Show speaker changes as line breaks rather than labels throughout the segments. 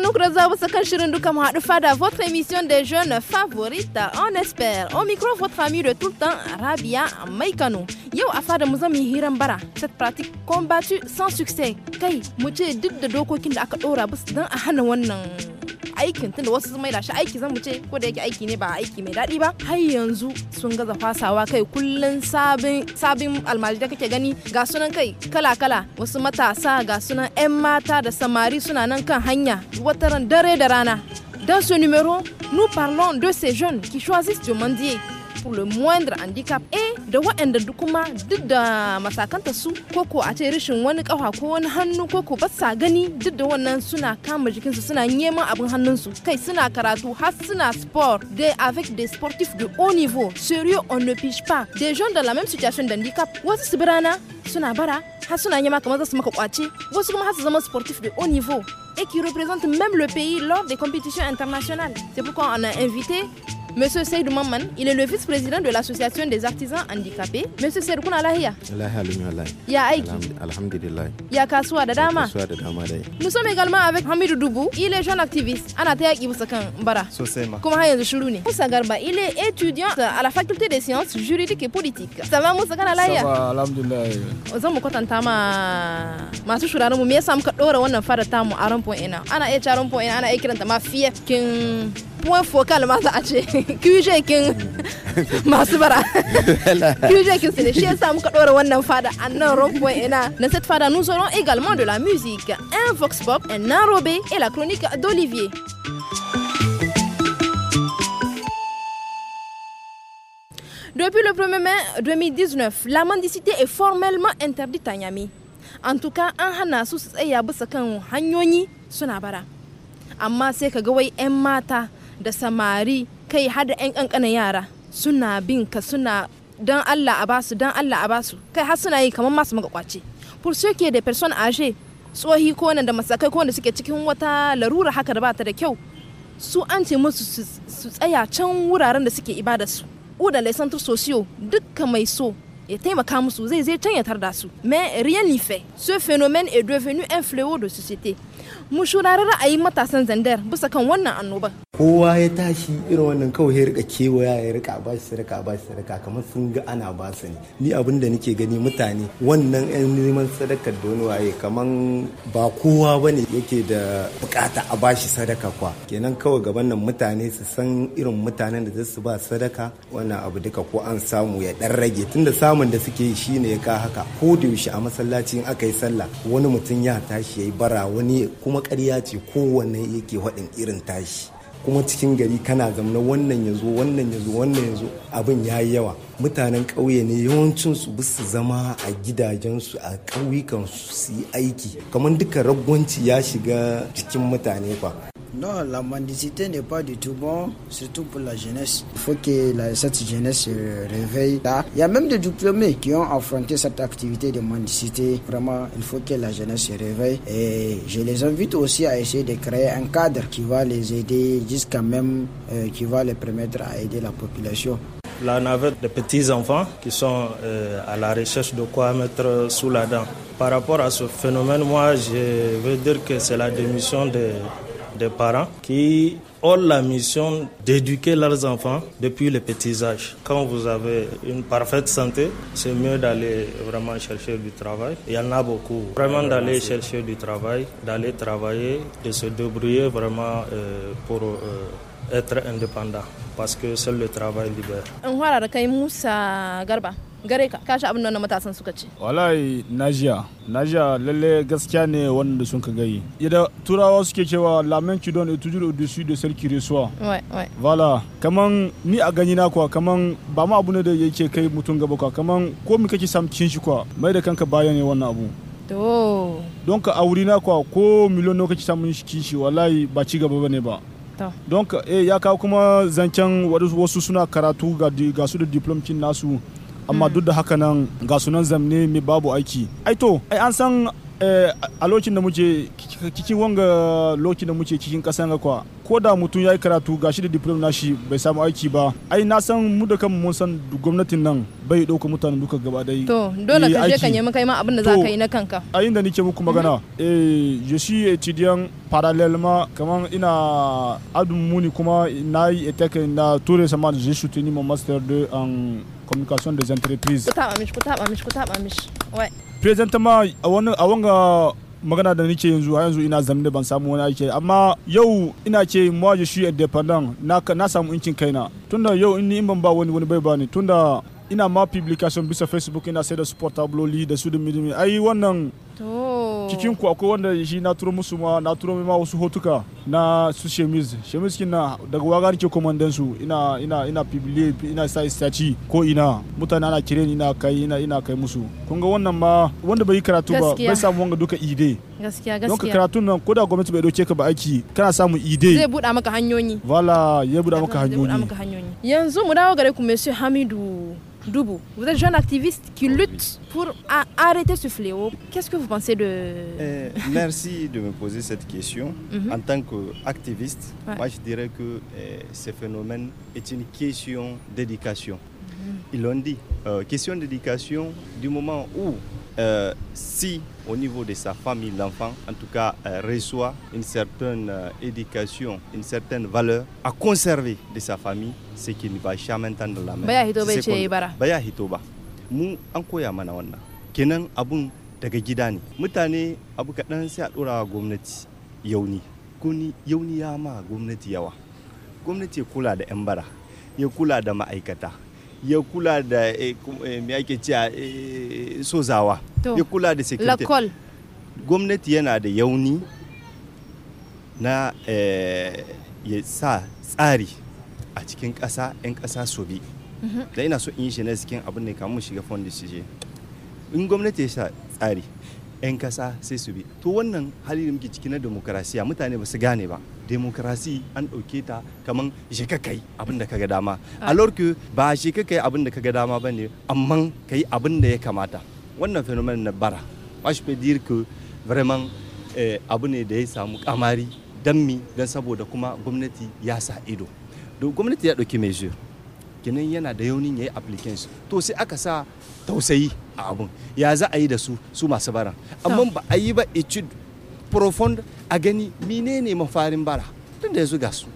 Nous croisons da zaɓu sakan shirin duka mu haɗu fada votre émission des jeunes favorites on espère au micro votre ami de tout le temps Rabia Maikano Yo, a fada mu zan yi hiran bara cette pratique combattue sans succès kai mu ce dub de dokokin da aka ɗora bus don a hana wannan aikin tunda wasu sun maida shi aiki zan mu ce ko da yake aiki ne ba aiki mai daɗi ba har yanzu sun gaza fasawa kai kullun sabin sabin da kake gani ga sunan kai kala kala wasu matasa ga sunan 'yan mata da samari suna nan kan hanya wataran dare da rana Dans ce numéro, nous parlons de ces jeunes qui choisissent de mendier pour le moindre handicap et da waɗanda kuma duk da masakanta su koko a ce rishin wani kafa ko wani hannu koko ba sa gani duk da wannan suna kama su suna neman abin su kai suna karatu har suna sport des avec des sportifs de haut niveau sérieux on ne pige pas des gens dans la même situation d'handicap wasu su birana suna bara har suna neman kamar za su maka kwace wasu kuma har su zama sportifs de haut niveau et qui représentent même le pays lors des compétitions internationales. C'est pourquoi on a invité Monsieur Seydou Maman, il est le vice-président de l'association des artisans handicapés. Monsieur Seydou Kuna Alahiya.
Ya Aiki. Alhamdulillah.
Ya Kaswa Dadama. Kaswa Dadama Nous sommes également avec Hamidou Doubou. Il est jeune activiste. Anatea Ibusakan Bara. Sosema. Comment est-ce Shuruni? Moussa Garba, il est étudiant à la faculté des sciences juridiques et politiques. Ça va Moussa Kana Alahiya? Ça va,
Alhamdulillah.
mu kwatanta ma masu shuraren mu me yasa muka dora wannan fara tamu a ran ina. Ana iya caron ina ana iya ma fiye kin point focal masa a ce kujekin masu bara kujekin su ne shi yasa muka wannan fada annan nan ina dans cette fada nous aurons également de la musique un vox pop un enrobé et la chronique d'Olivier Depuis le 1er mai 2019, la mendicité est formellement interdite à Niamey. En tout cas, an hana su tsaya bisa kan hanyoyi suna bara. Amma sai ka ga wai 'yan mata da samari kai hada 'yan kankanan yara suna bin ka suna don Allah a basu don Allah a basu kai har suna yi kamar masu maka kwace pour ceux qui des personnes tsohi ko da masakai ko da suke cikin wata larura haka da bata da kyau su an ce musu su tsaya can wuraren da suke ibada su uda les centres sociaux dukka mai so ya taimaka musu zai zai can ya tarda su mais rien n'y fait ce phénomène est devenu un fléau de société mu shurari ra'ayin matasan zandar bisa kan wannan annoba.
kowa ya tashi irin wannan kawai ya rika kewaya ya rika ba shi sadaka ba shi sadaka kamar sun ga ana ba su ne ni abin da nake gani mutane wannan yan neman sadakar da wani waye kamar ba kowa bane yake da bukata a ba shi sadaka kwa kenan kawai gaban nan mutane su san irin mutanen da su ba sadaka wannan abu duka ko an samu ya dan rage tunda samun da suke shi ne ya ka haka ko da yaushe a masallaci in aka yi sallah wani mutum ya tashi ya yi bara wani kuma kuma ƙarya ce kowanne yake faɗin irin tashi kuma cikin gari kana zamna wannan ya wannan ya wannan ya abin ya yi yawa mutanen ƙauye ne yawancinsu su zama a gidajensu a ƙauyukansu su yi aiki kamar duka ragwanci ya shiga cikin mutane
fa Non, la mendicité n'est pas du tout bon, surtout pour la jeunesse. Il faut que cette jeunesse se réveille Il y a même des diplômés qui ont affronté cette activité de mendicité. Vraiment, il faut que la jeunesse se réveille. Et je les invite aussi à essayer de créer un cadre qui va les aider jusqu'à même, euh, qui va les permettre à aider la population.
Là, on avait des petits-enfants qui sont euh, à la recherche de quoi mettre
sous la dent. Par rapport à ce phénomène, moi, je veux dire que c'est la démission de des parents qui ont la mission d'éduquer leurs enfants depuis le petit âge. Quand vous avez une parfaite santé, c'est mieux d'aller vraiment chercher du travail. Il y en a beaucoup. Vraiment ah, d'aller chercher du travail, d'aller travailler, de se débrouiller vraiment euh, pour... Euh, être indépendant parce que seul le travail
libère.
Garba. gare ka kashi abin da matasan suka ce
wallahi najiya najiya lalle gaskiya ne wanda sun ka gayi idan turawa suke cewa lamen ki don da su da sarki resuwa wala kaman ni a gani na kuwa kaman ba ma abu ne da yake kai mutum gaba kuwa kaman ko mi kake cin shi kuwa mai da kanka bayan ne wannan abu
to
don ka auri na kuwa ko miliyon kake samun shi wallahi ba ci gaba bane ba don ka eh ya kawo kuma zancen wasu suna karatu ga su da diplomcin nasu amma hmm. duk da haka nan ga sunan zamne mai babu aiki ai to ai an san eh, a lokacin da muke cikin wanga lokacin da muke cikin kasan kwa ko da mutum ya yi karatu shi da diploma nashi bai samu aiki ba ai na san mu da kan mun san gwamnatin nan bai dauka mutanen duka gaba dai to dole eh, ka je ka nemi kai
ma abin da za ka yi na kanka
a inda nake muku magana mhm. eh je suis étudiant parallèlement kaman ina adun muni kuma na yi etake na ture sama je tenu mon master 2 en communication des entreprises. Présentement, avant magana da nake yanzu har yanzu ina zamne ban samu wani aiki amma yau ina ce moi je suis indépendant na na samu incin kaina tunda yau in ni ban ba wani wani bai bani tunda ina ma publication bisa facebook ina sai da su portable da su da midimi wannan cikin Tu akwai wanda shi na turo musu ma na turo ma hotuka na su chemise chemise kina daga wagar ke su ina ina ina pibili, ina sa sachi ko ina mutana na kire ni ina kai ina ina kai musu kun ga wannan ma wanda bai karatu ba bai samu wanga duka ide
gaskiya gaskiya don karatu
karatun nan ko gwamnati bai dauke ka ba aiki kana samu ide zai
buda maka hanyoyi
wala ya buda maka
hanyoyi yanzu mu dawo gare ku monsieur Hamidu Dubu. vous êtes jeune activiste qui lutte pour arrêter ce fléau. Qu'est-ce que vous de... Eh, merci
de me poser cette question. Mhm. En tant qu'activiste, activiste, moi je dirais que eh, ce phénomène est une question d'éducation. Mhm. Ils l'ont dit. Euh, question d'éducation du moment où, euh, si au niveau de sa famille, l'enfant, en tout cas, euh, reçoit une certaine éducation, une certaine valeur à conserver de sa famille, ce qu'il ne va jamais entendre la main. daga gida ne mutane abu kaɗan sai a ɗora gwamnati yauni yauni ya ma gwamnati yawa gwamnati ya kula da 'yan bara ya kula da ma'aikata ya kula da eh, eh, mai ake cewa eh, sozawa ya kula da security gwamnati yana da yauni na ya sa tsari a cikin ƙasa 'yan ƙasa su bi mhm. da ina so in shi na cikin abin da kamun shiga fondin shi in gwamnati ya sa tsari 'yan kasa sai su bi to wannan hali da muke ciki na demokrasiya mutane ba su gane ba demokrasi an ɗauke ta kamar shekakai ka abin da kaga dama a lorku ba je ka abin da kaga dama ba ne amma ka abin da ya kamata wannan fenomen na bara ba shi dire que vraiment eh, abu ne da ya samu kamari dan mi dan saboda kuma gwamnati ya sa ido don gwamnati ya ɗauki measure kenan yana da yaunin ya yi application to sai aka sa tausayi a abun ya za a yi da su su masu bara amma ba a yi ba ici profond a gani menene mafarin bara tun da ya zuga su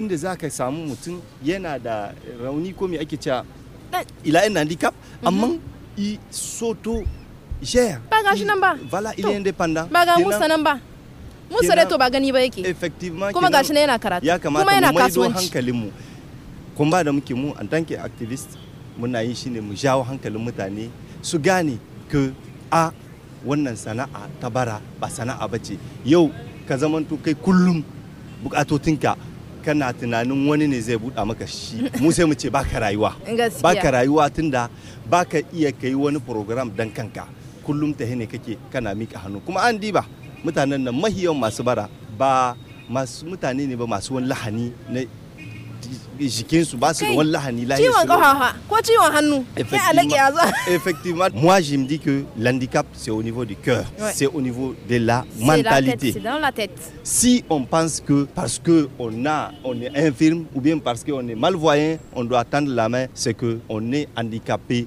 inda za ka samu mutum yana da rauni ko me ake cewa eh. ila ina handicap mhm. amma i soto gère ba ga shi nan ba vala il est ba ga musa nan ba musa da to ba gani ba yake effectivement kuma ga shi nan yana karatu ya kamata mu maido kasuwanci hankalin mu kun ba da muke mu an tanke activist muna yi ne mu jawo hankalin mutane su gane ka a wannan sana'a ta bara ba sana'a ba ce yau ka zamanto kai kullum bukatotinka kana tunanin wani ne zai buɗa maka shi mu sai mu ce baka rayuwa baka rayuwa tunda baka iya kai wani program dan kanka kullum ta ne kake kana mika hannu kuma an diba mutanen nan mahiyan masu bara ba masu mutane ne ba masu wani lahani na effectivement moi je me dis que l'handicap c'est au niveau du cœur c'est au niveau de la mentalité dans la tête si on pense que parce que on a on est infirme ou bien parce qu'on est malvoyant on doit tendre la main c'est que on est handicapé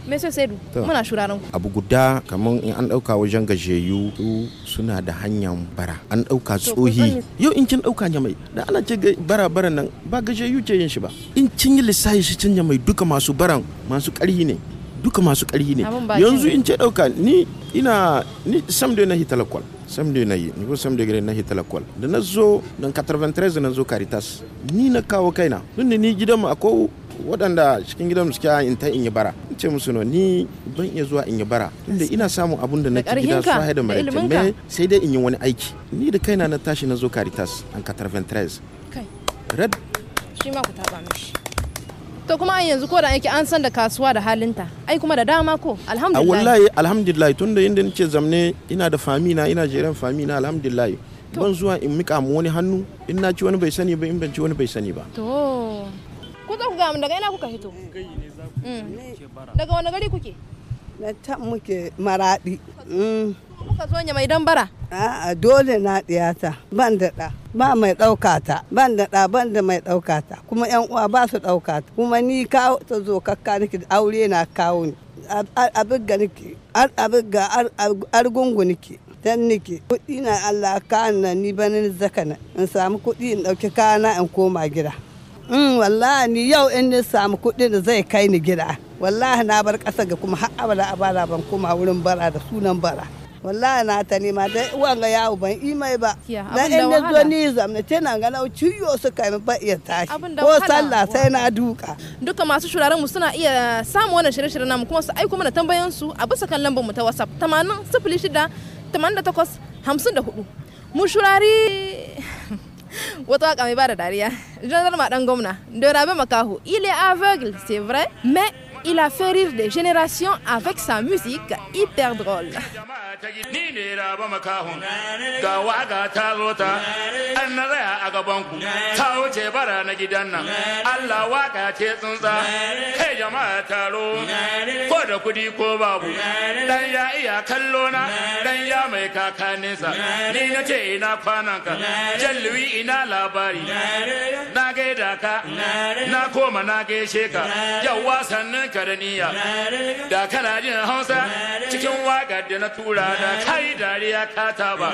Monsieur Saidu muna shuraren ku.
Abu guda kamar in an dauka wajen gajeyu suna da hanyar bara an ɗauka tsohi yau in kin ɗauka mai da ana ce bara bara nan ba gajeyu ce yin shi ba in kin yi lissafi shi cin mai duka masu baran masu ƙarhi ne duka masu ƙarhi ne yanzu in ce ɗauka ni ina ni sam da na hitalakwal sam da na yi ni ko sam da na hitalakwal da na zo nan 93 na zo caritas ni na kawo kaina tunda ni mu akwai waɗanda cikin gidan suke in ta in yi bara in ce musu no ni ban iya zuwa in yi bara tunda ina samun abun da na ci gida su haida mara me sai dai in yi wani aiki ni da kaina na tashi na zo caritas an katar ventres red
shi ma ku taba mishi to kuma an yanzu ko da yake an san da kasuwa da halinta ai kuma da dama ko alhamdulillah wallahi
alhamdulillah tunda inda nake zamne ina da famina ina jeren famina alhamdulillah ban zuwa in mika mu wani hannu in na ci wani bai sani ba in ban ci wani bai sani ba
to ku zo ku ga daga ina kuka hito daga wani gari kuke
na ta muke maradi mm.
kuka zo ne mai dan bara a dole na diyata ban da da ba mai ɗauka ta ban da da ban da mai ɗauka ta kuma yan uwa ba su ɗauka ta kuma ni kawo ta zo kakka nake aure na kawo ni abin abigga nake ga argungu nake dan nake kuɗi na Allah ka na ni banin zakana in samu kuɗi in ɗauki kana in koma gida Mm, wallahi ni yau in ni samu kuɗi da zai kai ni gida. Wallahi na bar ƙasa ga kuma har abada abada ban koma wurin bara da sunan bara. Wallahi na ta nema dai uwan ga yawo ban mai ba. Na in ni zo ni zamna ce na nau ciyo su kai ba iya tashi. Ko sallah sai na duka. Duka masu shuraren mu suna iya samu wannan shirye-shiryen namu kuma su aiko mana tambayan su a bisa kan lambar mu ta WhatsApp 80 hamsin da 54. Mu shurari wata waka mai da dariya janar madan gwamna dorabe makaho ile aveugle c'est vrai mais il a fait rire des générations avec sa musique hyper drôle.
ka da niyya da kana jin hausa cikin waƙar da na tura da kai dariya ka ba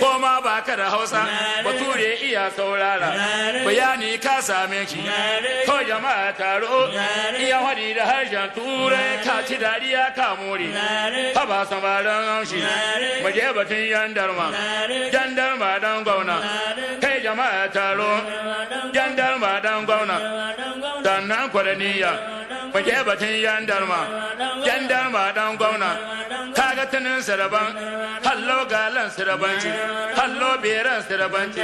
ko ma ba ka da hausa bature iya saurara bayani ka same shi ko jama'a taro iya hadi da harshen turai ka ci dariya ka more ka ba samarin haushi maje batun yandarma yandarma dan gwamna kai jama'a taro yandarma dan gwamna sannan kwaraniya mu batun yandarma yandarma dan gwamna ga tunin saraban hallo galan sarabanci hallo beran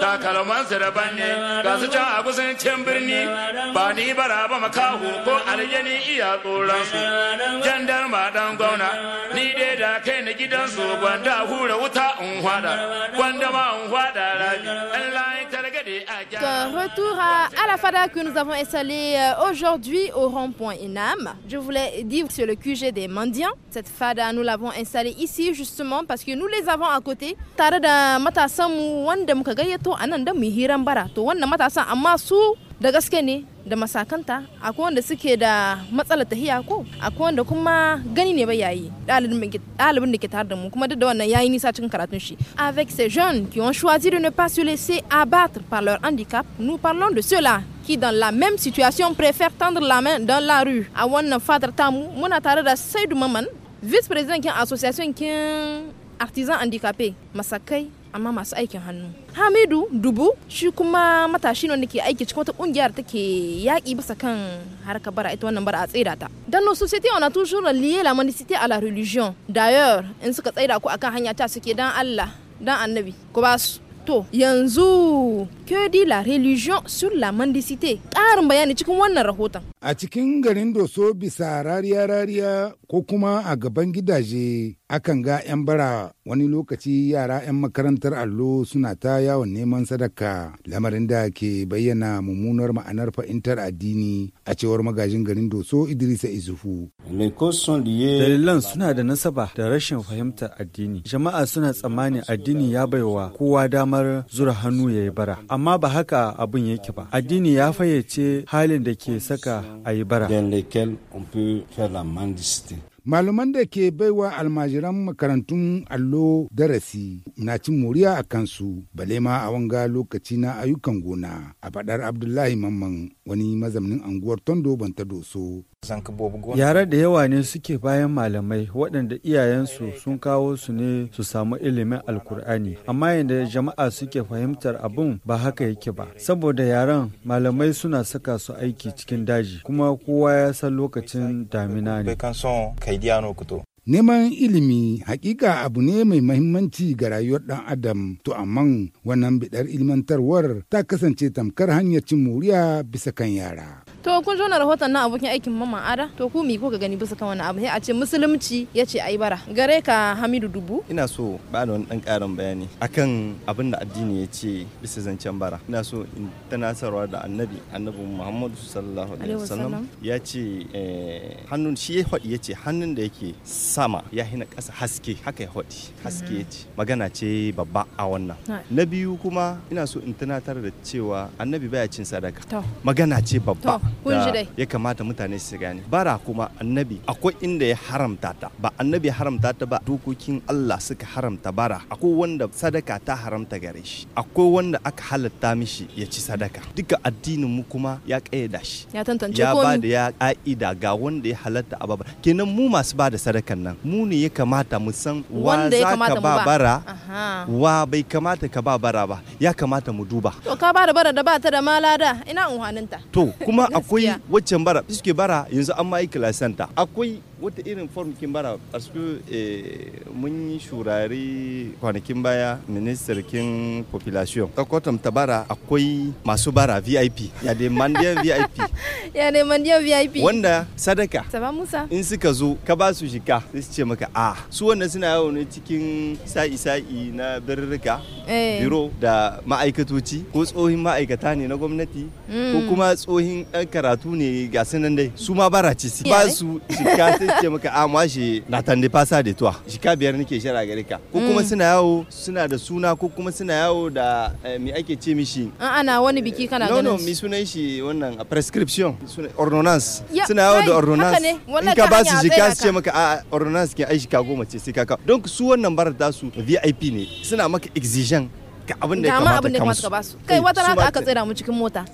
ta kalman saraban ne ga su can a can birni ba ni bara ba makahu ko aljani iya tsoron su yandarma dan gwamna ni dai da kai na gidansu gwanda hura wuta in hwada gwanda ma in hwada rabi un
retour à, la FADA que nous avons installée euh, aujourd'hui au rond-point Inam. Je voulais dire sur le QG des mendiants. Cette FADA, nous l'avons installée ici justement parce que nous les avons à côté da gaske ne da masakanta akwai wanda suke da matsalar tahiya ko akwai wanda kuma gani ne ba yayi ɗalibin da ke tare da mu kuma duk da wannan yayi nisa cikin karatun shi avec ces jeunes qui ont choisi de ne pas se laisser abattre par leur handicap nous parlons de ceux-là qui dans la même situation préfèrent tendre la main dans la rue a wannan fadar tamu muna tare da Saidu Maman vice-président kin association kin artisan handicapé masakai amma masu aikin hannu hamidu dubu shi kuma matashi ne wanda ke aiki cikin wata kungiyar take yaƙi bisa kan harkar bara ita wannan bara a tsaida ta dan nos société on a toujours lié la mendicité à la religion d'ailleurs in suka tsaida ku akan hanya ta suke dan Allah dan annabi ku ba su to yanzu que di la religion sur la mendicité ƙarin bayani cikin wannan rahoton
a cikin garin doso bisa rariya rariya ko kuma a gaban gidaje akan ga 'yan bara wani lokaci yara 'yan makarantar allo suna ta yawon neman sadaka lamarin da ke bayyana mummunar ma'anar fahimtar addini a cewar magajin garin doso idrisa izufu
dalilan
suna da nasaba da rashin fahimtar addini jama'a suna
tsammanin addini ya baiwa kowa damar zura hannu ya yi bara amma ba haka abin yake ba addini ya fayyace halin da ke saka a yi bara
Malaman da ke baiwa almajiran makarantun allo darasi na cin moriya a kansu bale ma a wanga lokaci na ayyukan gona a faɗar Abdullahi Mamman wani mazamnin anguwar Tondo Banta Doso. Yara
da yawa ne suke bayan malamai waɗanda iyayensu sun kawo su ne su samu ilimin alkur'ani amma yadda jama'a suke fahimtar abun ba haka yake ba saboda yaran malamai suna saka su aiki cikin daji kuma kowa ya san lokacin damina ne.
Neman ilimi hakika abu ne mai mahimmanci ga rayuwar ɗan adam to amma wannan bidar ilmantarwar ta kasance tamkar hanyar cin moriya bisa kan yara.
To kun zo na rahoton nan abokin aikin mama ada to ku mi ko ga gani bisa kan wani abu sai a ce musulunci ya ce ai bara gare ka Hamidu Dubu.
Ina so ba da
wani dan karin bayani akan abin da addini ya ce bisa zancen bara. Ina so in tanasarwa da annabi annabi Muhammadu sallallahu alaihi wasallam ya ce eh, hannun shi ya ce hannun da yake sama ya hina ƙasa haske haka ya hodi haske ya ce magana ce babba a wannan na biyu kuma ina so in tunatar da cewa annabi baya cin sadaka magana ce babba ya kamata mutane su gane bara kuma annabi akwai inda ya haramta ta ba annabi haramta ta ba dokokin Allah suka haramta bara akwai wanda sadaka ta haramta gare shi akwai wanda aka halatta mishi ya ci sadaka duka addinin mu kuma ya kayyada shi
ya tantance ya ba da
ya ka'ida ga wanda ya halatta ababa kenan mu masu ba da sadaka wannan mu ne ya kamata mu san wa za ka ba bara wa bai kamata ka ba bara ba ya kamata mu duba
to ka ba da bara da ba ta da malada ina unhaninta
to kuma akwai waccan bara suke bara yanzu an ma yi kilasanta akwai wata irin form kin bara a eh, mun yi shurari kwanakin baya minister kin population ta kwatam ta bara akwai masu bara vip ya dai mandiyan vip
ya dai mandiyan vip wanda sadaka saba musa
in suka zo ka ba su shika sai su ce maka a ah, su wannan suna yawo ne cikin sa'i-sa'i na birrika eh. biro da ma'aikatoci ko tsohin ma'aikata ne na gwamnati
ko
hmm. kuma
tsohin ɗan karatu ne ga sunan dai su ma bara ci ba su
shika sai su ce
maka a ah, ma shi na tande fasa da tuwa shika biyar nake shara gare ka ko kuma hmm. suna yawo suna da suna ko kuma suna yawo da eh, me ake ce mishi
an ah, na wani biki kana ganin no no mi
sunan shi wannan prescription ordonance suna yawo da ordonance in ka ba su shika su ce maka a ordonance kin aishi kago mace sai ka kawo don su wannan barar su vip ne suna maka exigent ka abin da ya kamata ka basu kai wata rana aka tsira
mu cikin mota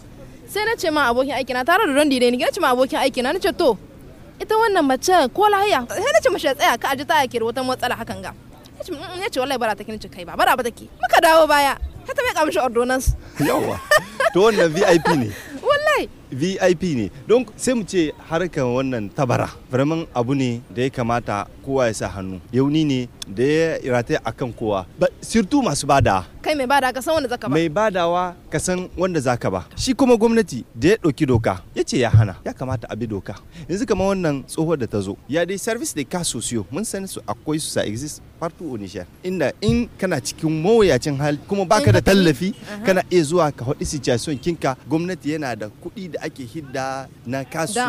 sai na ce ma abokin aiki na tare da rondi ne ni na ce ma abokin aiki na ce to ita wannan mace ko lahiya sai na ce mace tsaya ka aji ta yake wata matsala hakan ga ya ce mm, mm, wallahi bara ta kinci kai ba bara ba take muka dawo baya ta ta mai kamshi ordonance
yawa to wannan vip ne
wallahi
vip ne don sai mu ce harkar wannan tabara vraiment abu ne da ya kamata kowa ya sa hannu yauni ne da ya rata a kan kowa ba surtout masu bada
kai mai bada ka san wanda zaka ba mai
badawa ka san wanda zaka ba shi kuma gwamnati da ya ɗauki doka ya ce ya hana ya kamata a bi doka yanzu kama wannan tsohuwar da ta zo ya dai service da ka sosiyo mun san su akwai su sa exist partout inda in kana cikin mawuyacin hali kuma baka da tallafi kana iya zuwa ka haɗi situation kinka gwamnati yana da kuɗi da da ake hidda na kasu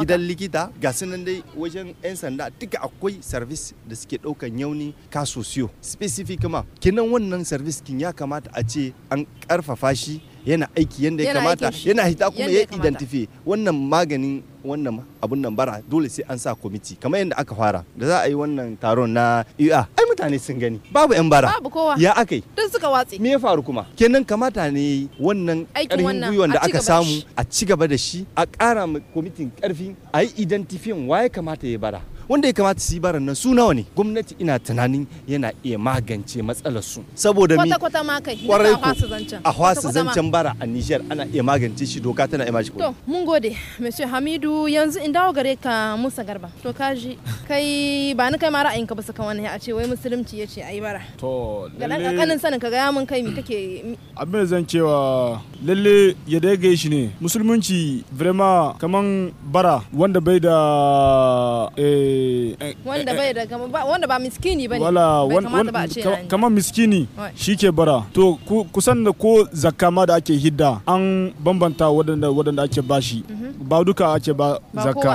gidan likita ga sunan dai wajen 'yan sanda duka akwai service da suke ɗaukan yauni kasu siyo specific ma kinan wannan service kin ya kamata a ce an karfafa shi yana aiki yanda ya kamata yana hita kuma ya identify wannan maganin wannan abun nan bara dole sai an sa kwamiti kamar yadda aka fara da za a yi wannan taron na ua e ai mutane sun gani babu yan bara babu kowa ya aka yi duk suka watse me ya faru kuma kenan kamata ne wannan karfin gwiwan da aka samu a ci gaba da shi a ƙara kwamitin karfi a yi wa waye kamata ya bara wanda ya kamata su yi baran nan su nawa ne gwamnati ina tunanin yana iya magance matsalar su saboda mi kwata ma
kai kwarai a hwasa zancen
bara a Niger ana iya magance shi doka tana iya mashi to
mun gode monsieur Hamidu Amadu yanzu in dawo gare ka Musa Garba. To kaji kai ba ni kai ma ka ba saka wani a ce wai musulunci ya ce ayi bara.
To lalle. Ga dan
sanin ka ga mun kai mi kake.
Abin zan cewa lalle ya daga shi ne musulunci vraiment kaman bara wanda bai da eh, eh, wanda eh, bai
da wanda ba miskini bane. Wala
kaman miskini shike bara. To kusan da ko zakka ma da ake hidda an bambanta wadanda wadanda ake bashi. Mhm. Ba duka ake ba zakka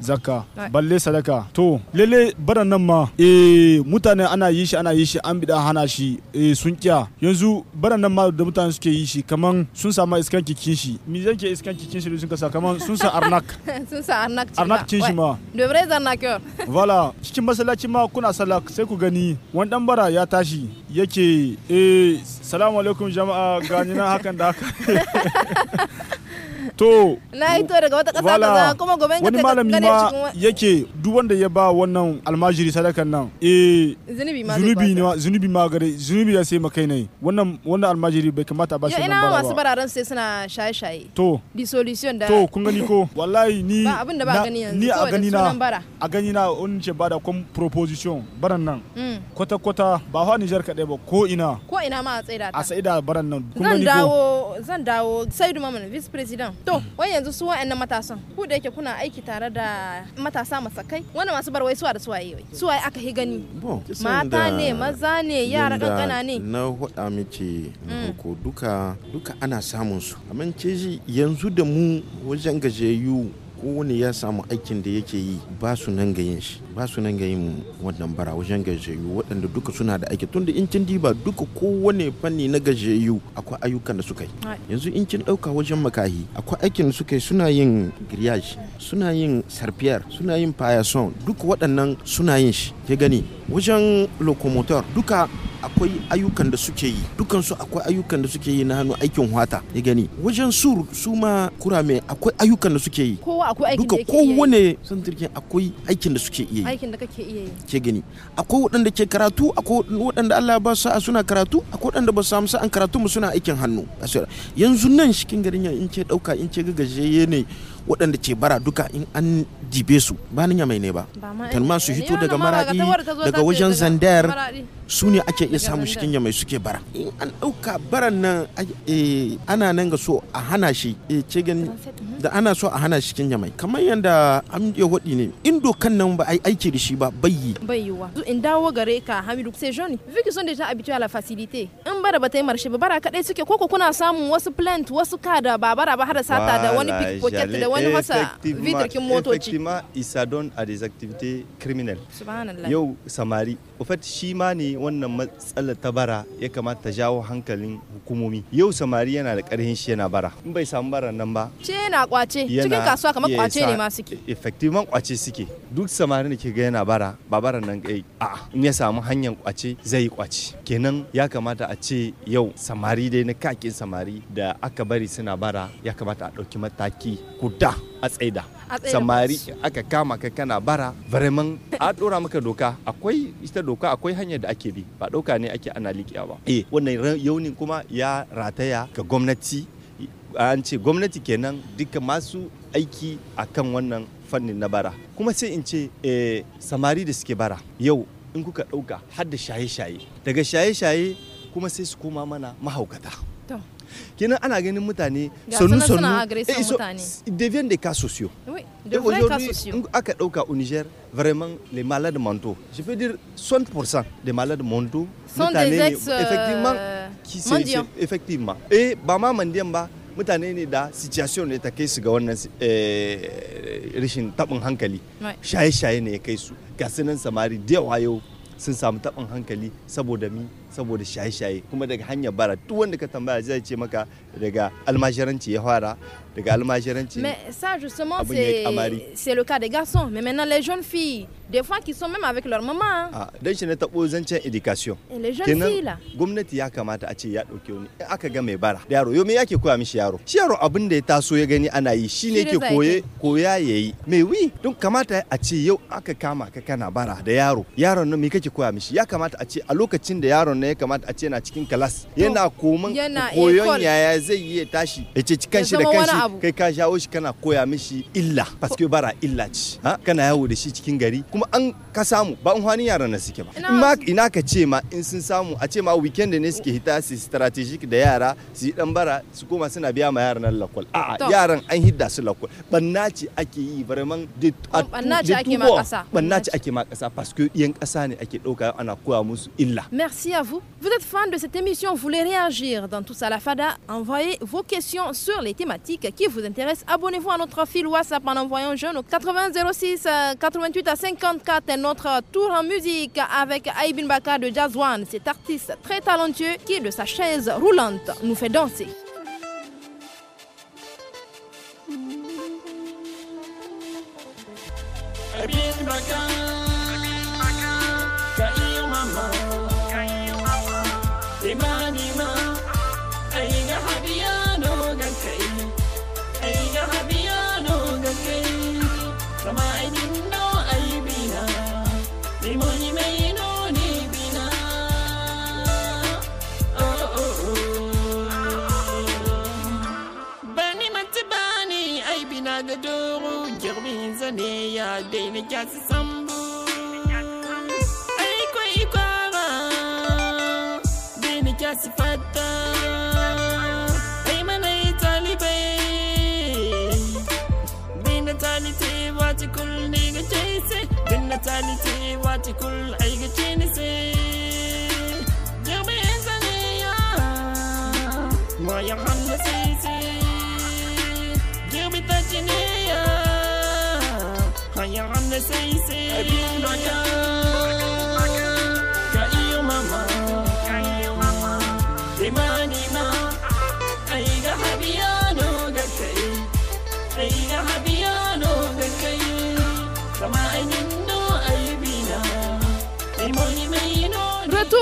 zakka balle sadaka to lele baran nan ma eh mutane ana yi shi ana yi shi an bida hana shi eh sun kiya yanzu baran nan ma da mutane suke yi shi kaman sun samu iskan kikin shi mi zanke iskan kikin shi sun kasa kaman sun sa arnak
sun sa arnak arnak kin shi ma de vrai arnaqueur
voilà cikin masallaci ma kuna sallah sai ku gani wani dan bara ya tashi yake eh salamu alaikum jama'a gani na hakan da haka to
na hito daga wata ƙasa kaza gobe wani malami ma
yake duk wanda ya ba wannan almajiri sadakan nan eh zunubi ma zunubi ne zunubi ma gare zunubi ya sai makai ne wannan wannan almajiri bai kamata ba shi nan ba ina masu
bararan sai suna shaye shaye to bi solution da to kun gani ko
wallahi ni ba abin da ba gani yanzu ni a gani na a gani na wani ce bada kon proposition baran nan hmm. kwata-kwata ba hawa Nijar kaɗai ba ko ina.
Ko ina ma a tsaida ta. A
tsaida baran nan. Zan dawo
zan dawo Saidu Mamman vice president. To wai yanzu su wa'annan matasan ku da yake kuna aiki tare da matasa masakai wanda masu barwai suwa da suwaye wai suwaye aka hi gani. Mata ne maza ne yara kankana ne. Na
hoda miki mm. ko duka duka ana samun su. Amince yanzu da mu wajen gajiyayyu kowane ya samu aikin da yake yi ba su nan ga yin shi ba su nan ga yin wannan bara wajen gajeyu waɗanda duka suna da aiki tunda in kin diba duka kowane fanni na gajeyu akwai ayyukan da suka yi yanzu in kin ɗauka wajen makahi akwai aikin da suka yi suna yin grillage suna yin sarfiyar suna yin payason duka waɗannan suna yin shi ke gani wajen lokomotor duka akwai ayyukan da suke yi dukansu akwai ayyukan da suke yi na hannu aikin hwata ya gani wajen sur su ma kurame akwai ayyukan da suke yi kowa
akwai aikin duka kowane
santirkin akwai aikin da suke iya yi
aikin da kake iya yi
ke gani akwai waɗanda ke karatu akwai waɗanda Allah ba sa suna karatu akwai waɗanda ba samu sa'an karatu mu suna aikin hannu yanzu nan cikin garin ya in ce ɗauka in ce gagajeye ne waɗanda ce bara duka in an dibe su ba ni mai ne ba tan ma su hito daga maradi daga wajen zandar su ne ake iya samun shi kinya mai suke bara in an ɗauka baran nan eh, ana nan ga so a hana shi eh, ce da ana so a hana shi kinya mai kamar yadda an ya hudi ne in dokan nan ba a yi aiki da shi ba bayyi
bayyiwa in dawo gare ka hamidu sai joni viki son da ta habitué à la facilité in bara ba ta yi marshe ba bara kadai suke koko kuna samun wasu plant wasu kada ba bara ba har sata da wani pickpocket da wani wasa vidirkin motoci
effectivement isa don à des activités criminelles subhanallah yau samari au fait shi ma ne wannan matsalar ta bara ya kamata ta jawo hankalin hukumomi yau samari yana da karhin shi yana bara in bai samu bara nan ba
ce yana kwace cikin kasuwa kamar kwace ne ma suke
effectivement kwace suke duk samari da ke ga yana bara ba bara nan kai a in ya samu hanyar kwace zai kwace kenan ya kamata a ce yau samari dai na kakin samari da aka bari suna bara ya kamata a dauki mataki kuda a tsaida samari aka kama ka kana bara vraiment a dora maka doka akwai ita doka akwai hanyar da ake bi ba doka ne ake ana likiya ba eh wannan yaunin kuma ya rataya ga gwamnati an ce gwamnati kenan duka masu aiki akan wannan fannin na bara kuma sai in ce eh, samari da suke bara yau in kuka ɗauka har da shaye-shaye daga shaye-shaye kuma sai su koma mana mahaukata ils eh, deviennent des cas sociaux
oui de cas sociaux
au Niger vraiment les malades mentaux je veux dire 60% des malades mentaux sont des ex effectivement euh, qui mendiants et je situation su eh, samari hankali saboda shaye-shaye kuma daga hanyar bara duk wanda ka tambaya zai ce maka daga almajiranci ya fara daga almajiranci mais
ça justement c'est c'est le cas des garçons mais maintenant les jeunes filles des fois qui sont même avec leur maman hein.
ah dan shi na tabo zancen education et les jeunes filles là gwamnati ya kamata a ce ya dauke wani in aka ga mai bara yaro yo me yake koya mishi yaro shi yaro abin da ya taso ya gani ana yi shine yake koye koya yayi me wi don kamata a ce yau aka kama ka kana bara da yaro yaron nan me kake koya mishi ya kamata a ce a lokacin da yaron wannan ya kamata a ce na cikin kalas yana koman koyon yaya zai yi tashi ya ce cikin shi da kanshi kai ka shawo shi kana koya mishi illa paske bara illa ce kana yawo da shi cikin gari kuma an ka samu ba an hannun yaran na suke ba ina ka ce ma in sun samu a ce ma weekend ne suke hita su strategic da yara su yi dan bara su koma suna biya ma yaran nan lakwal a'a yaran an hidda su lakwal banna ci ake yi barman banna ce ake ma kasa banna ci ake ma kasa paske yan kasa ne ake dauka ana koya musu illa
merci à vous vous êtes fan de cette émission, vous voulez réagir dans tout ça la fada Envoyez vos questions sur les thématiques qui vous intéressent. Abonnez-vous à notre fil WhatsApp en envoyant jeune au 80 88 euh, à 54 et notre tour en musique avec Aïbin Baka de Jazz One, cet artiste très talentueux qui de sa chaise roulante nous fait danser.
kama aibin no aibina rimoni mai no ni oh, oh, oh. bani matibani aibina ga dogo zane ya daina kyasi sama fatality wati kul aiga chini se jami zaniya ma ya hamna se se jami ta chini ya ha ya hamna se se abin donya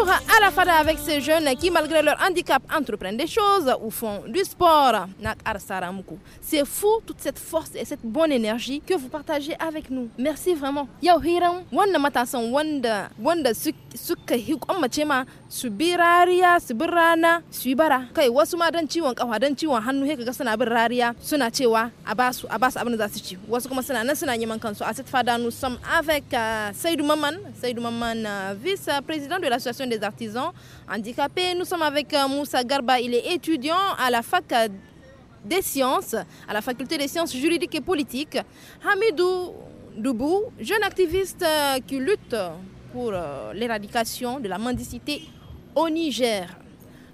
Retour à la fada avec ces jeunes qui, malgré leur handicap, entreprennent des choses ou font du sport. C'est fou toute cette force et cette bonne énergie que vous partagez avec nous. Merci vraiment. Yo, hiram wanda matasson, wanda wanda suka hikon mace ma su bi rariya Kai wasu ma ciwon kafa dan ciwon hannu he kaga suna bin rariya suna cewa a basu a basu abin da za su ci. Wasu kuma suna nan suna neman kansu. À cette fada nous sommes avec euh, Seydou Maman, Seydou Maman, euh, vice-président de l'association des artisans handicapés. Nous sommes avec euh, Moussa Garba, il est étudiant à la fac euh, des sciences, à la faculté des sciences juridiques et politiques. Hamidou Doubou, jeune activiste euh, qui lutte pour l'éradication de la mendicité au Niger.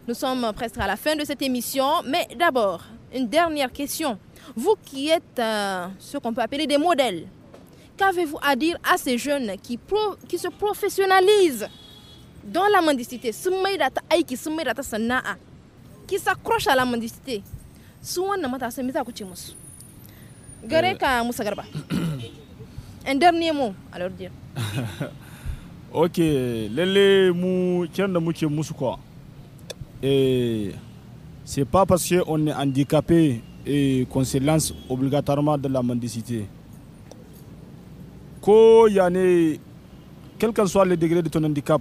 Nous sommes presque à la fin de cette émission, mais d'abord, une dernière question. Vous qui êtes ce qu'on peut appeler des modèles, qu'avez-vous à dire à ces jeunes qui, qui se professionnalisent dans la mendicité sun aiki sana'a qui s'accroche à la mendicité su wannan matasan me za gare euh. garba un dernier mot alors dire
ok lalle mu kyan da musu et c'est pas parce qu'on est handicapé et qu'on se lance obligatoirement de la mendicité. Ko ne, quel que soit le degré de ton handicap,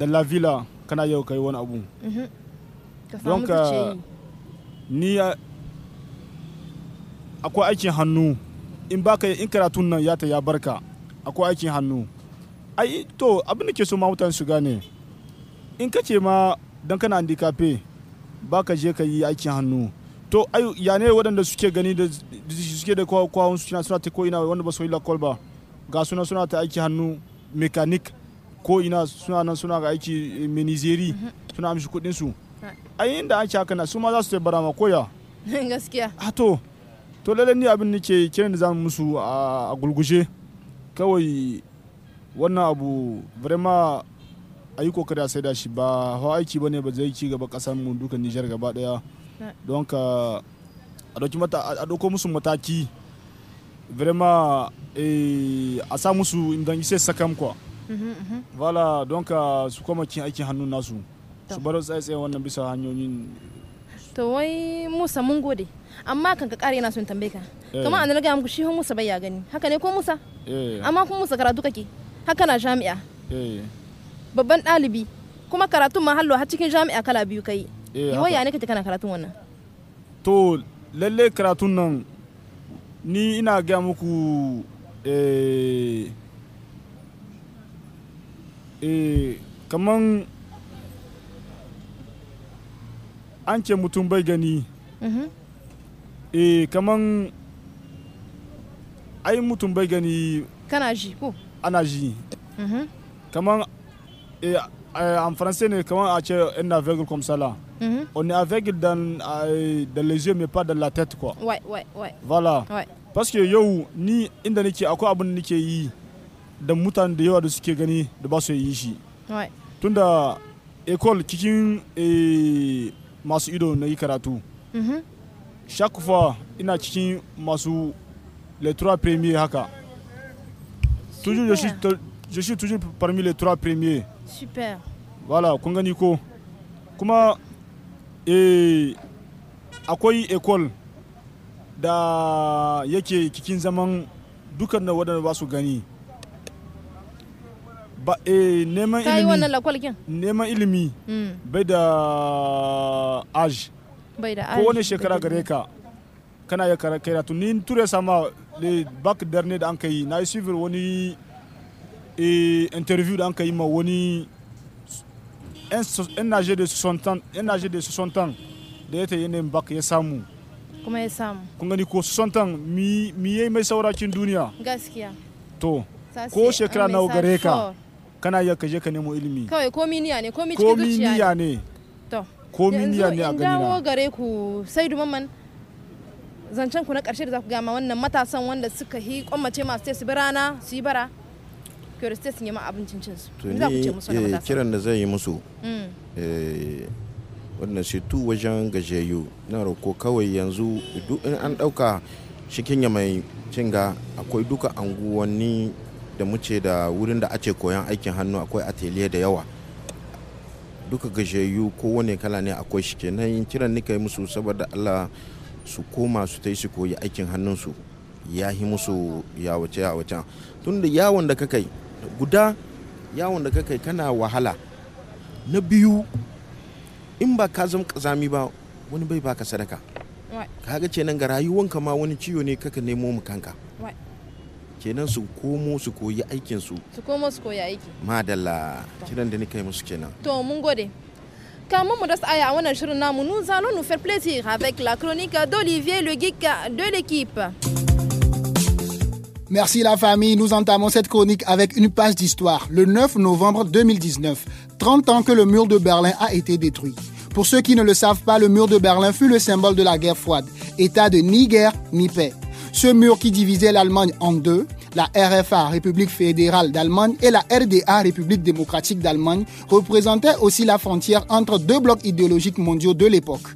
da la villa kana yau kai wani abu mhm. don ka ni akwai aikin hannu in baka in karatun nan ya ta ya barka akwai aikin hannu ai to abin da ke so ma mutane su gane in ka ce ma don kana ba baka je ka yi aikin hannu to ai ya ne waɗanda suke gani da suke da kwawon suna suna ta ko ina wanda ba su yi lakol ba ga suna suna ta aikin hannu mekanik ko ina suna nan suna ga aiki eh, minizeri mhm. suna amshi kudin su a yin da ake haka na su ma za su tabbara ma koya gaskiya a to to lalle ni abin nake kiran da zamu musu a gulgushe kawai wannan abu vraiment a yi kokari a sai da shi ba hawa aiki ba ne ba zai ci gaba kasar mu duka nijar gaba daya don ka a ɗauko musu mataki vraiment eh, a sa musu inda isa sakam vala don euh, su koma cin aikin hannun nasu su bar tsaye wannan bisa hanyoyin
to wai musa mun gode amma kan ka kare yana son tambaye ka eh. kamar an riga muku shi musa bai ya gani haka ne ko musa
eh. amma
kuma musa karatu kake haka na jami'a eh. babban ɗalibi kuma karatun ma hallo har cikin jami'a kala biyu kai yawa ya ne kake kana karatun wannan
to lalle karatun nan ni ina gaya muku eh Et eh, comment ce mutumbay gani Et comment mm-hmm. eh, Aïe mutumba gani
kana ji ko
ana en français comment kaman a un aveugle comme ça là mm-hmm. On est aveugle eh, dans, les yeux, mais pas dans la tête, quoi.
Ouais, ouais, ouais.
Voilà. Parce que yo, ni A quoi akwai abin da mutane da yawa da suke gani da ba su yi shi tunda ecole cikin eh, masu ido na yi karatu shakufa mm-hmm. ina cikin masu trois premier haka toujours je suis, je toujours parmi les trois premiers super voilà kun gani ko kuma eh, akwai ecole da yake kikin zaman dukkan na waɗanda ba su gani ba eh neman ilimi kai wannan kin neman ilimi hmm. bai da ah, age
bai da age ko wani shekara gare ka
kana ya karatu ni ture sama le back dernier da an kai na yi suivre wani eh, interview da an kai ma wani yan âgé de 60 ans yan âgé de 60 ans da yata tayi ne back ya samu kuma ya samu kun gani ko 60 ans mi mi yayi mai saurakin duniya gaskiya to
ko shekara nawa gare ka
kana iya ka je ka nemo ilimi
kawai komi niya ne komi cikin zuciya ne to komi niya ne a ganina yanzu dawo gare ku sai dumaman zancen ku na karshe da za ku gama wannan matasan wanda suka hi kwammace masu su birana su yi bara state sun yi ma abincin cin su za ku ce eh, kiran
da zai yi musu mm. eh, wannan sai tu wajen gajeyu na roko kawai yanzu duk in an dauka cikin yamai cinga akwai duka anguwanni da muce da wurin da ake koyan aikin hannu akwai atelier da yawa duka gajiyayyu kowane kala ne akwai shi kenan kiran nika yi musu saboda allah su koma su ta yi su koyi aikin hannunsu ya yi musu yawace yawace tun da yawon da kakai guda yawon da kakai kana wahala na biyu in ba ka zama kazami ba wani bai baka sadaka kaga ce nan ga rayuwanka ma wani ciwo ne kaka nemo mu kanka nous
allons nous faire plaisir avec la chronique d'Olivier, le geek de l'équipe.
Merci la famille, nous entamons cette chronique avec une page d'histoire. Le 9 novembre 2019, 30 ans que le mur de Berlin a été détruit. Pour ceux qui ne le savent pas, le mur de Berlin fut le symbole de la guerre froide. État de ni guerre ni paix. Ce mur qui divisait l'Allemagne en deux, la RFA, République fédérale d'Allemagne, et la RDA, République démocratique d'Allemagne, représentait aussi la frontière entre deux blocs idéologiques mondiaux de l'époque.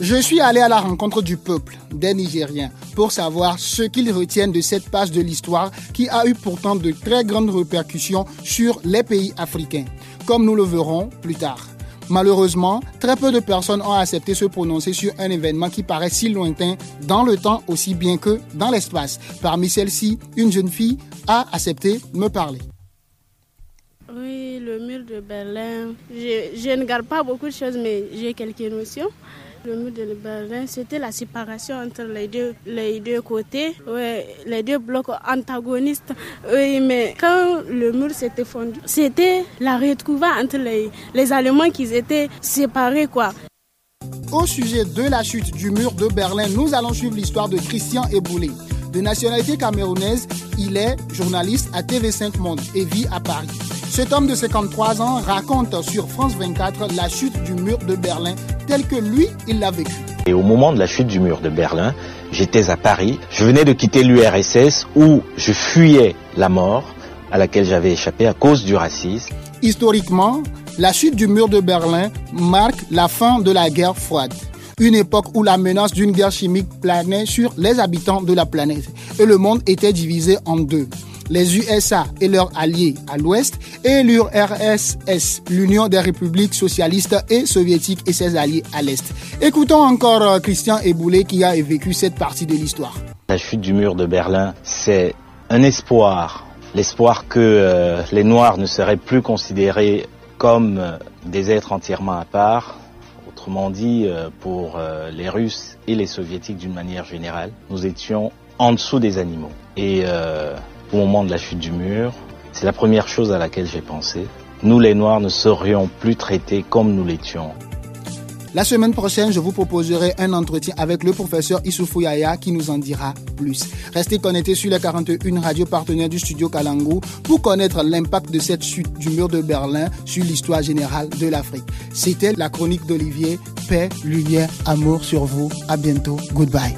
Je suis allé à la rencontre du peuple, des Nigériens, pour savoir ce qu'ils retiennent de cette page de l'histoire qui a eu pourtant de très grandes répercussions sur les pays africains, comme nous le verrons plus tard. Malheureusement, très peu de personnes ont accepté se prononcer sur un événement qui paraît si lointain dans le temps aussi bien que dans l'espace. Parmi celles-ci, une jeune fille a accepté me parler.
Oui, le mur de Berlin. Je, ne garde pas beaucoup de choses, mais j'ai quelques notions. Le mur de Berlin, c'était la séparation entre les deux, les deux côtés, les deux blocs antagonistes. Oui, mais quand le mur s'était fondu, c'était la retrouvaille entre les, Allemands qui étaient séparés, quoi.
Au sujet de la chute du mur de Berlin, nous allons suivre l'histoire de Christian Eboulé. De nationalité camerounaise, il est journaliste à TV5 Monde et vit à Paris. Cet homme de 53 ans raconte sur France 24 la chute du mur de Berlin telle que lui, il l'a vécu.
Et au moment de la chute du mur de Berlin, j'étais à Paris. Je venais de quitter l'URSS où je fuyais la mort à laquelle j'avais échappé à cause du racisme.
Historiquement, la chute du mur de Berlin marque la fin de la guerre froide une époque où la menace d'une guerre chimique planait sur les habitants de la planète et le monde était divisé en deux. Les USA et leurs alliés à l'ouest et l'URSS, l'Union des républiques socialistes et soviétiques et ses alliés à l'est. Écoutons encore euh, Christian Eboulé qui a vécu cette partie de l'histoire.
La chute du mur de Berlin, c'est un espoir. L'espoir que euh, les Noirs ne seraient plus considérés comme euh, des êtres entièrement à part, Autrement dit, euh, pour euh, les Russes et les Soviétiques d'une manière générale, nous étions en dessous des animaux. Et euh, au moment de la chute du mur, c'est la première chose à laquelle j'ai pensé. Nous les Noirs ne serions plus traités comme nous l'étions.
La semaine prochaine, je vous proposerai un entretien avec le professeur Issoufou Yaya qui nous en dira plus. Restez connectés sur la 41 Radio, partenaires du studio Kalangu pour connaître l'impact de cette chute du mur de Berlin sur l'histoire générale de l'Afrique. C'était la chronique d'Olivier. Paix, lumière, amour sur vous. À bientôt. Goodbye.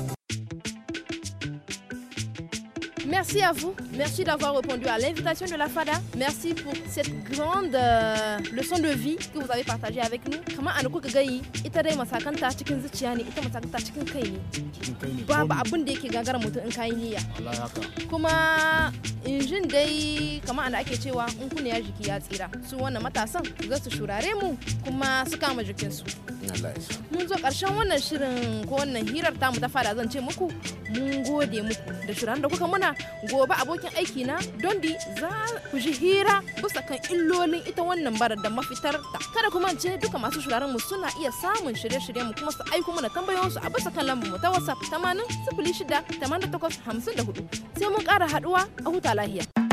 Merci à vous. Merci d'avoir répondu à l'invitation de la FADA. Merci pour cette grande euh, leçon de vie que vous avez partagée avec nous. Comment Anoukou Kagayi, ita dai masakanta cikin zuciya ne, ita masakanta cikin kai
ne. Babu abin
da yake gagara mutum in kayan niyya. Kuma injin dai kamar an ake cewa in kuna ya jiki ya tsira. Su wannan matasan za su shurare mu kuma su kama jikin su. mun zo karshen wannan shirin ko wannan hirar tamu ta fara zan ce muku mun gode muku da shirin da kuka muna gobe abokin aiki na dondi za ku ji hira bisa kan illolin ita wannan barar da mafitar ta kada ku ce duka masu shuraren mu suna iya samun shirye-shiryen mu kuma su aiko mana tambayoyin su a bisa kan lambar mu ta WhatsApp 80 06 54 sai mun kara haduwa a huta lahiya